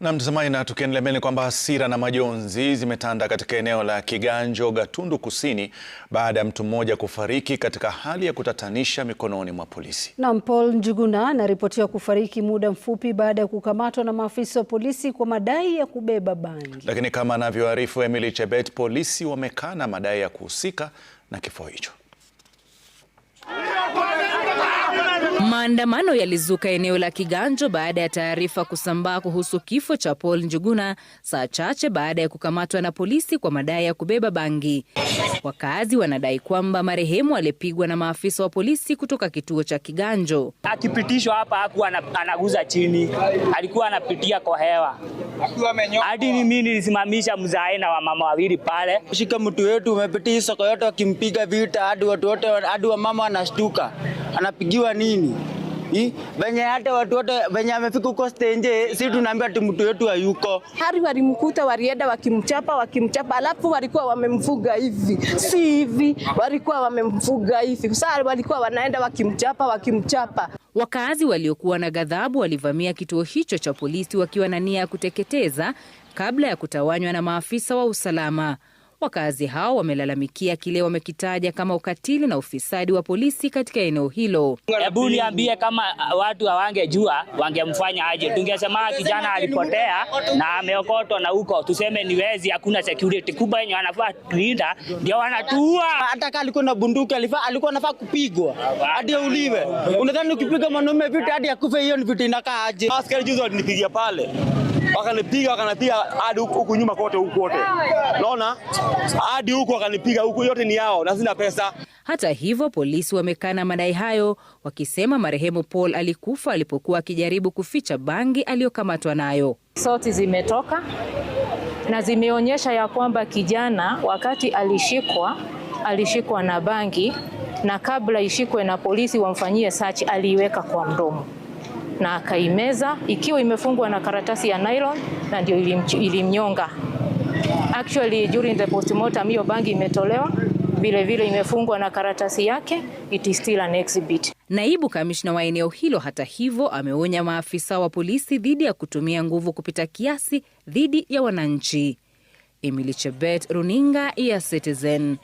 Na mtazamaji, na tukiendelea mbele kwamba hasira na majonzi zimetanda katika eneo la Kiganjo, Gatundu Kusini baada ya mtu mmoja kufariki katika hali ya kutatanisha mikononi mwa polisi. Na Paul Njuguna anaripotiwa kufariki muda mfupi baada ya kukamatwa na maafisa wa polisi kwa madai ya kubeba bangi. Lakini kama anavyoarifu Emily Chebet, polisi wamekana madai ya kuhusika na kifo hicho. Maandamano yalizuka eneo la Kiganjo baada ya taarifa kusambaa kuhusu kifo cha Paul Njuguna saa chache baada ya kukamatwa na polisi kwa madai ya kubeba bangi. Wakazi wanadai kwamba marehemu alipigwa na maafisa wa polisi kutoka kituo cha Kiganjo. Akipitishwa hapa hakuwa anaguza chini, alikuwa anapitia kwa hewa hadi mimi nilisimamisha mzae na wamama wawili pale. Shika mtu wetu umepitia soko yote wakimpiga vita hadi watu wote hadi wamama wanashtuka anapigiwa nini? Venye hata watu wote venye amefika huko stage, si tunaambia ati mtu wetu hayuko. Hari walimkuta walienda wakimchapa wakimchapa, alafu walikuwa wamemfuga hivi, si hivi, walikuwa wamemfuga hivi. Sasa walikuwa wanaenda wakimchapa wakimchapa. Wakaazi waliokuwa na ghadhabu walivamia kituo hicho cha polisi wakiwa na nia ya kuteketeza kabla ya kutawanywa na maafisa wa usalama. Wakaazi hao wamelalamikia kile wamekitaja kama ukatili na ufisadi wa polisi katika eneo hilo. Hebu niambie, kama watu hawangejua wangemfanya aje? Tungesema kijana alipotea na ameokotwa na huko, tuseme ni wezi, hakuna security kubwa yenye wanafaa kulinda, ndio wanatua. Hata kama alikuwa na bunduki, alikuwa anafaa kupigwa hadi auliwe. Unadhani ukipiga mwanaume vitu hadi akufe, hiyo ni vitu inakaa aje? Askari juzi walinipigia pale wakanipiga wakanipiga hadi huku nyuma kote huku kote, naona hadi huku wakanipiga huku, yote ni yao na sina pesa. Hata hivyo polisi wamekana madai hayo, wakisema marehemu Paul alikufa alipokuwa akijaribu kuficha bangi aliyokamatwa nayo. Sauti zimetoka na zimeonyesha ya kwamba kijana wakati alishikwa alishikwa na bangi, na kabla ishikwe na polisi wamfanyie search aliiweka kwa mdomo na akaimeza ikiwa imefungwa na karatasi ya nylon, na ndio ilimnyonga. Actually, during the postmortem hiyo bangi imetolewa vile vile imefungwa na karatasi yake, it is still an exhibit. Naibu kamishna wa eneo hilo hata hivyo ameonya maafisa wa polisi dhidi ya kutumia nguvu kupita kiasi dhidi ya wananchi. Emily Chebet, Runinga ya Citizen.